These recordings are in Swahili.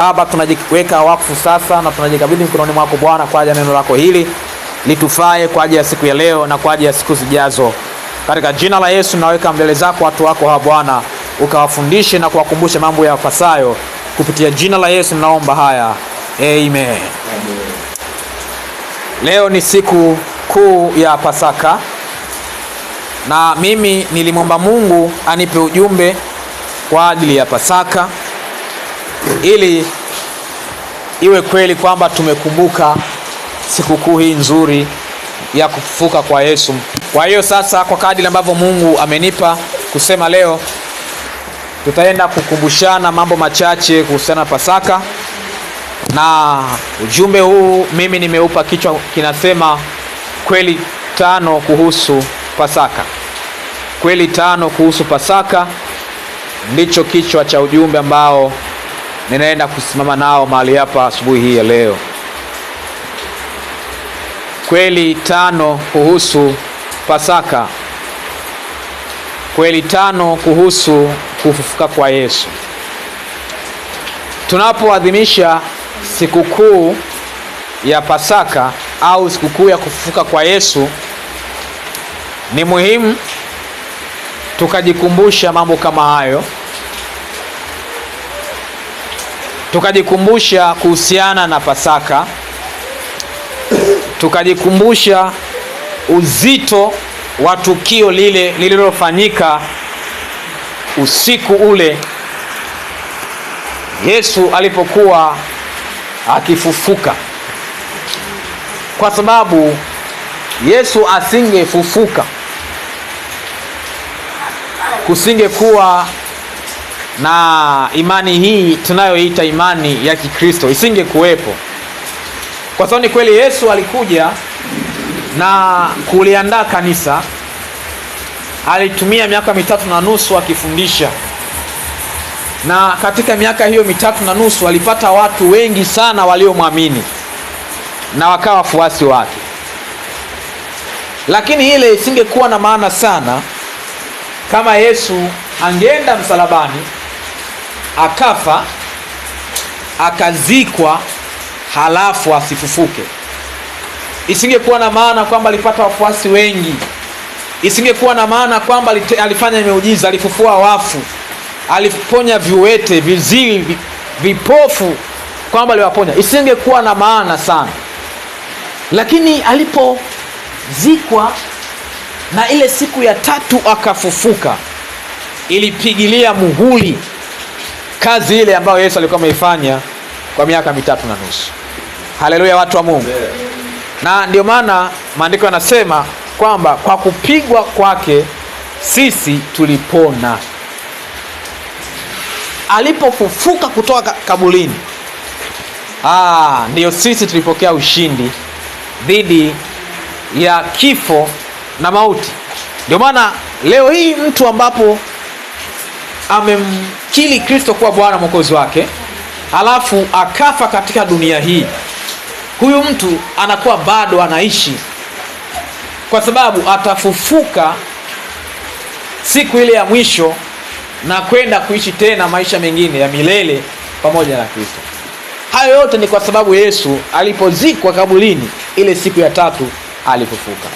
Baba, tunajiweka wakfu sasa na tunajikabidhi mkononi mwako Bwana kwa ajili ya neno lako hili litufae kwa ajili ya siku ya leo na kwa ajili ya siku zijazo. Katika jina la Yesu naweka mbele zako watu wako hawa ee Bwana, ukawafundishe na kuwakumbusha mambo ya pasayo. Kupitia jina la Yesu naomba haya, amen. Amen. Leo ni siku kuu ya Pasaka na mimi nilimwomba Mungu anipe ujumbe kwa ajili ya Pasaka ili iwe kweli kwamba tumekumbuka sikukuu hii nzuri ya kufufuka kwa Yesu. Kwa hiyo sasa, kwa kadiri ambavyo Mungu amenipa kusema leo, tutaenda kukumbushana mambo machache kuhusiana na Pasaka, na ujumbe huu mimi nimeupa kichwa kinasema kweli tano kuhusu Pasaka. Kweli tano kuhusu Pasaka ndicho kichwa cha ujumbe ambao ninaenda kusimama nao mahali hapa asubuhi hii ya leo. Kweli tano kuhusu Pasaka, kweli tano kuhusu kufufuka kwa Yesu. Tunapoadhimisha sikukuu ya Pasaka au sikukuu ya kufufuka kwa Yesu, ni muhimu tukajikumbusha mambo kama hayo tukajikumbusha kuhusiana na Pasaka, tukajikumbusha uzito wa tukio lile lililofanyika usiku ule Yesu alipokuwa akifufuka, kwa sababu Yesu asingefufuka kusingekuwa na imani hii tunayoita imani ya Kikristo isingekuwepo, kwa sababu ni kweli Yesu alikuja na kuliandaa kanisa. Alitumia miaka mitatu na nusu akifundisha, na katika miaka hiyo mitatu na nusu alipata watu wengi sana waliomwamini na wakawa wafuasi wake, lakini ile isingekuwa na maana sana kama Yesu angeenda msalabani akafa akazikwa halafu asifufuke, isingekuwa na maana kwamba alipata wafuasi wengi, isingekuwa na maana kwamba alifanya miujiza, alifufua wafu, aliponya viwete, viziwi, vipofu, kwamba aliwaponya, isingekuwa na maana sana. Lakini alipozikwa na ile siku ya tatu akafufuka, ilipigilia muhuli kazi ile ambayo Yesu alikuwa ameifanya kwa miaka mitatu na nusu. Haleluya, watu wa Mungu. Na ndio maana maandiko yanasema kwamba kwa kupigwa kwake sisi tulipona. Alipofufuka kutoka kaburini, ah, ndiyo sisi tulipokea ushindi dhidi ya kifo na mauti. Ndio maana leo hii mtu ambapo amemkili Kristo kuwa Bwana mwokozi wake, alafu akafa katika dunia hii, huyu mtu anakuwa bado anaishi, kwa sababu atafufuka siku ile ya mwisho na kwenda kuishi tena maisha mengine ya milele pamoja na Kristo. Hayo yote ni kwa sababu Yesu alipozikwa kaburini ile siku ya tatu alifufuka.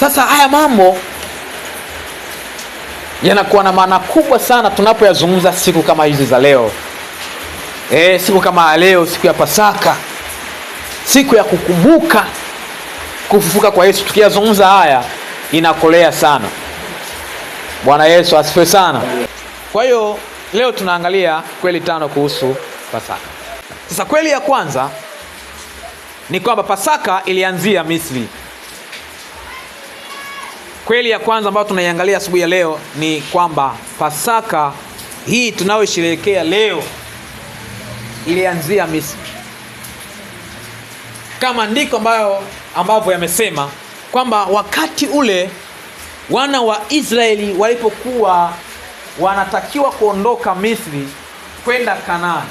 Sasa haya mambo yanakuwa na maana kubwa sana tunapoyazungumza siku kama hizi za leo. E, siku kama leo, siku ya Pasaka, siku ya kukumbuka kufufuka kwa Yesu, tukiyazungumza haya inakolea sana. Bwana Yesu asifiwe sana. Kwa hiyo leo tunaangalia kweli tano kuhusu Pasaka. Sasa kweli ya kwanza ni kwamba Pasaka ilianzia Misri. Kweli ya kwanza ambayo tunaiangalia asubuhi ya leo ni kwamba Pasaka hii tunayosherehekea leo ilianzia Misri, kama ndiko ambayo ambavyo yamesema kwamba wakati ule wana wa Israeli walipokuwa wanatakiwa kuondoka Misri kwenda Kanaani,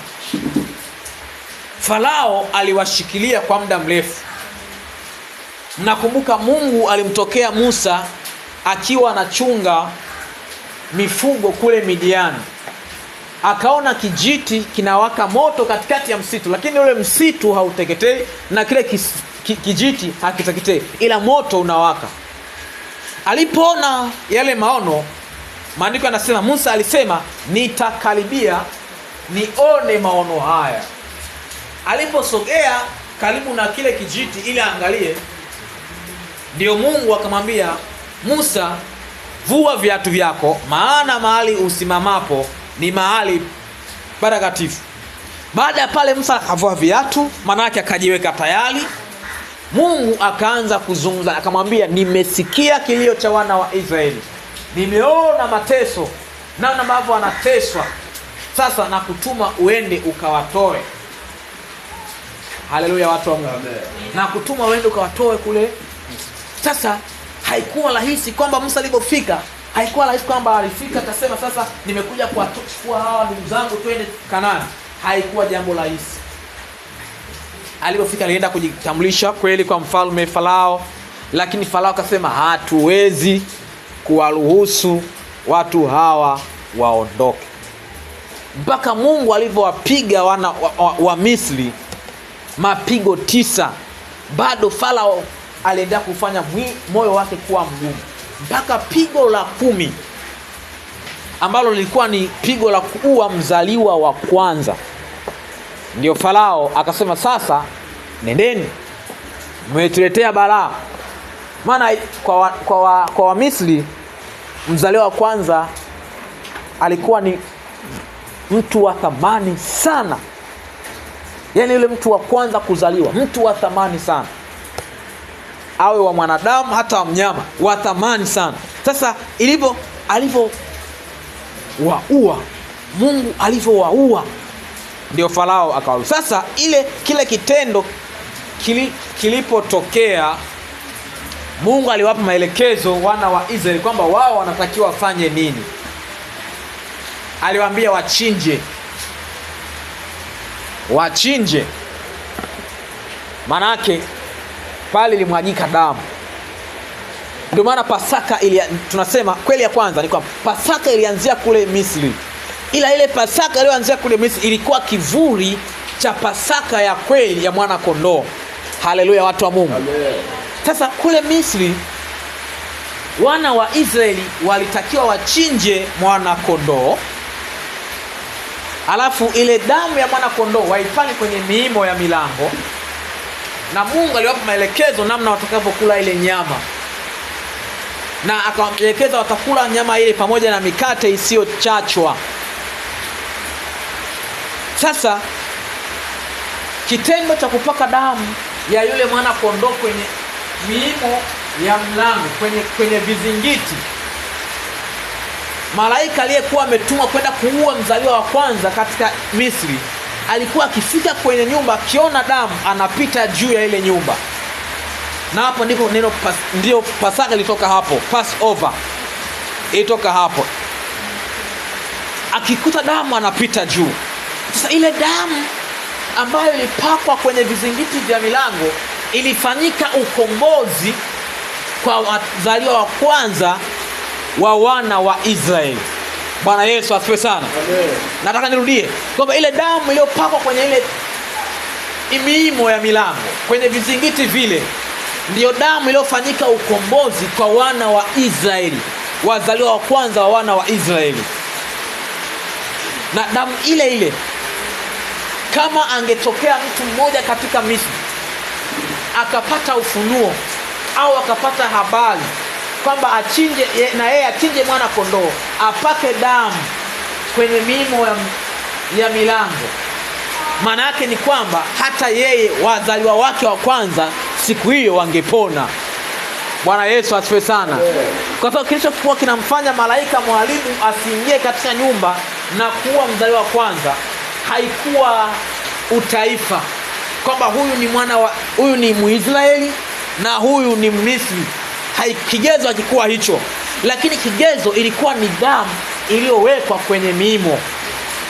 Farao aliwashikilia kwa muda mrefu mnakumbuka mungu alimtokea musa akiwa anachunga mifugo kule midiani akaona kijiti kinawaka moto katikati ya msitu lakini ule msitu hauteketei na kile kis, ki, kijiti hakiteketei ila moto unawaka alipoona yale maono maandiko yanasema musa alisema nitakaribia nione maono haya aliposogea karibu na kile kijiti ili aangalie Ndiyo Mungu akamwambia Musa, vua viatu vyako, maana mahali usimamapo ni mahali patakatifu. Baada ya pale Musa akavua viatu, maanake akajiweka tayari. Mungu akaanza kuzungumza, akamwambia, nimesikia kilio cha wana wa Israeli, nimeona mateso, namna ambavyo wanateswa. Sasa nakutuma uende ukawatoe. Haleluya, watu wa Mungu, nakutuma uende ukawatoe kule sasa haikuwa rahisi kwamba musa alipofika haikuwa rahisi kwamba alifika akasema sasa nimekuja kuwachukua hawa ndugu zangu twende kanani haikuwa jambo rahisi alipofika alienda kujitambulisha kweli kwa mfalme farao lakini farao akasema hatuwezi kuwaruhusu watu hawa waondoke mpaka mungu alivyowapiga wana wa, wa, wa misri mapigo tisa bado farao aliendelea kufanya moyo wake kuwa mgumu mpaka pigo la kumi ambalo lilikuwa ni pigo la kuua mzaliwa wa kwanza ndio farao akasema sasa nendeni mmetuletea balaa maana kwa wamisri kwa wa, kwa wa mzaliwa wa kwanza alikuwa ni mtu wa thamani sana yaani yule mtu wa kwanza kuzaliwa mtu wa thamani sana awe wa mwanadamu hata wa mnyama wa thamani sana. Sasa ilivyo alivyowaua Mungu alivyowaua ndio Farao akawa. Sasa ile kile kitendo kili, kilipotokea Mungu aliwapa maelekezo wana wa Israeli kwamba wao wanatakiwa wafanye nini. Aliwaambia wachinje, wachinje. Manake pale ilimwagika damu ndio maana pasaka ili tunasema kweli ya kwanza ni kwamba pasaka ilianzia kule misri ila ile pasaka iliyoanzia kule misri ilikuwa kivuli cha pasaka ya kweli ya mwana kondoo haleluya watu wa mungu sasa kule misri wana wa israeli walitakiwa wachinje mwana kondoo alafu ile damu ya mwana kondoo waifanye kwenye miimo ya milango na Mungu aliwapa maelekezo namna watakavyokula ile nyama na akawaelekeza watakula nyama ile pamoja na mikate isiyochachwa. Sasa kitendo cha kupaka damu ya yule mwana kondoo kwenye miimo ya mlango, kwenye, kwenye vizingiti, malaika aliyekuwa ametumwa kwenda kuua mzaliwa wa kwanza katika Misri alikuwa akifika kwenye nyumba akiona damu anapita juu ya ile nyumba na hapo ndipo neno pas, ndio pasaka ilitoka hapo passover ilitoka hapo akikuta damu anapita juu sasa ile damu ambayo ilipakwa kwenye vizingiti vya milango ilifanyika ukombozi kwa wazaliwa wa kwanza wa wana wa israeli bwana yesu asifiwe sana Amen. nataka nirudie kwamba ile damu iliyopakwa kwenye ile miimo ya milango kwenye vizingiti vile ndiyo damu iliyofanyika ukombozi kwa wana wa israeli wazaliwa wa kwanza wa wana wa israeli na damu ile ile kama angetokea mtu mmoja katika misri akapata ufunuo au akapata habari kwamba achinje na yeye achinje mwana kondoo apake damu kwenye mimo ya, ya milango maana yake ni kwamba hata yeye wazaliwa wake wa kwanza siku hiyo wangepona bwana yesu asifiwe sana kwa sababu kilichokuwa kinamfanya malaika mwalimu asiingie katika nyumba na kuwa mzaliwa wa kwanza haikuwa utaifa kwamba huyu ni mwana wa, huyu ni muisraeli na huyu ni mmisri kigezo hakikuwa hicho lakini kigezo ilikuwa ni damu iliyowekwa kwenye mimo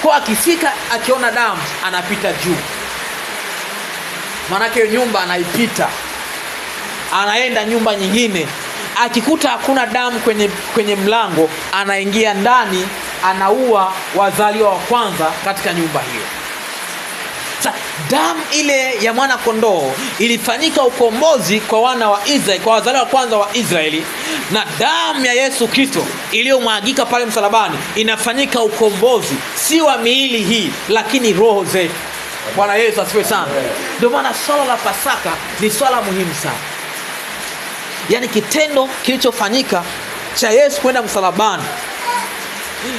kwa akifika akiona damu anapita juu maanake nyumba anaipita anaenda nyumba nyingine akikuta hakuna damu kwenye, kwenye mlango anaingia ndani anaua wazaliwa wa kwanza katika nyumba hiyo sasa damu ile ya mwana kondoo ilifanyika ukombozi kwa wana wa Israeli, kwa wazaliwa wa kwanza wa Israeli, na damu ya Yesu Kristo iliyomwagika pale msalabani inafanyika ukombozi, si wa miili hii, lakini roho zetu. Bwana Yesu asifiwe sana. Ndio maana swala la Pasaka ni swala muhimu sana, yaani kitendo kilichofanyika cha Yesu kwenda msalabani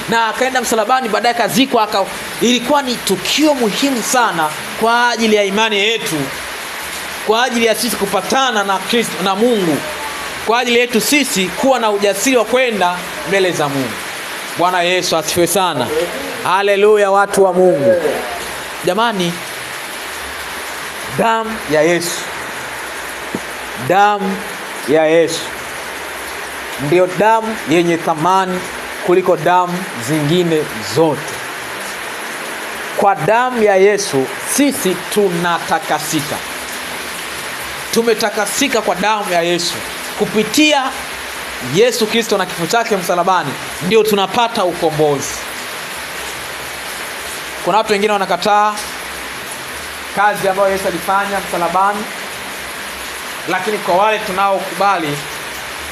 na akaenda msalabani, baadaye kazikwa. Aka ilikuwa ni tukio muhimu sana kwa ajili ya imani yetu, kwa ajili ya sisi kupatana na Kristo na Mungu, kwa ajili yetu sisi kuwa na ujasiri wa kwenda mbele za Mungu. Bwana Yesu asifiwe sana, haleluya! Watu wa Mungu, jamani, damu ya Yesu, damu ya Yesu ndiyo damu yenye thamani kuliko damu zingine zote. Kwa damu ya Yesu sisi tunatakasika, tumetakasika kwa damu ya Yesu kupitia Yesu Kristo na kifo chake msalabani, ndio tunapata ukombozi. Kuna watu wengine wanakataa kazi ambayo Yesu alifanya msalabani, lakini kwa wale tunaokubali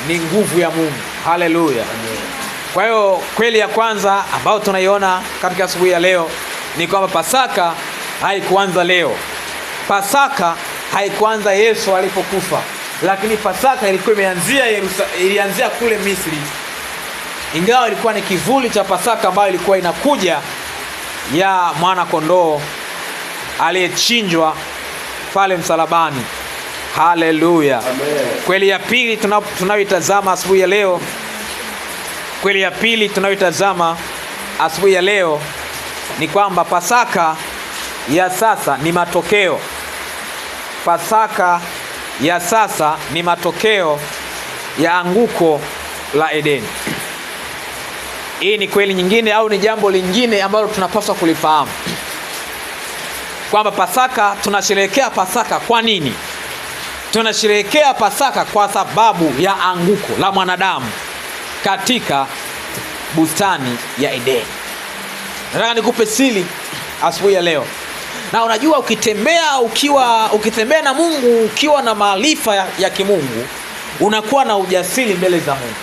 ni nguvu ya Mungu. Haleluya! Kwa hiyo kweli ya kwanza ambayo tunaiona katika asubuhi ya leo ni kwamba Pasaka haikuanza leo. Pasaka haikuanza Yesu alipokufa, lakini Pasaka ilikuwa imeanzia ilianzia kule Misri, ingawa ilikuwa ni kivuli cha Pasaka ambayo ilikuwa inakuja ya mwana kondoo aliyechinjwa pale msalabani. Haleluya! Kweli ya pili tunayoitazama asubuhi ya leo Kweli ya pili tunayoitazama asubuhi ya leo ni kwamba Pasaka ya sasa ni matokeo. Pasaka ya sasa ni matokeo ya anguko la Edeni. Hii ni kweli nyingine au ni jambo lingine ambalo tunapaswa kulifahamu kwamba Pasaka tunasherehekea Pasaka kwa nini? Tunasherehekea Pasaka kwa sababu ya anguko la mwanadamu katika bustani ya Edeni. Nataka nikupe siri asubuhi ya leo, na unajua ukitembea ukiwa ukitembea na Mungu ukiwa na maarifa ya, ya kimungu unakuwa na ujasiri mbele za Mungu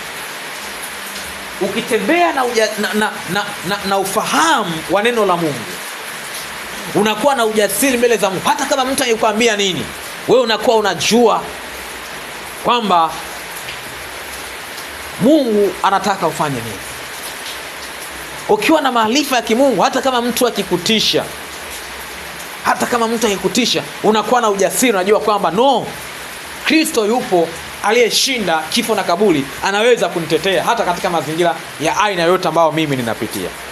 ukitembea na, uja, na, na, na, na, na ufahamu wa neno la Mungu unakuwa na ujasiri mbele za Mungu. Hata kama mtu anakuambia nini, wewe unakuwa unajua kwamba Mungu anataka ufanye nini. Ukiwa na maarifa ya kimungu, hata kama mtu akikutisha, hata kama mtu akikutisha, unakuwa na ujasiri, unajua kwamba no, Kristo yupo aliyeshinda kifo na kaburi, anaweza kunitetea hata katika mazingira ya aina yoyote ambayo mimi ninapitia.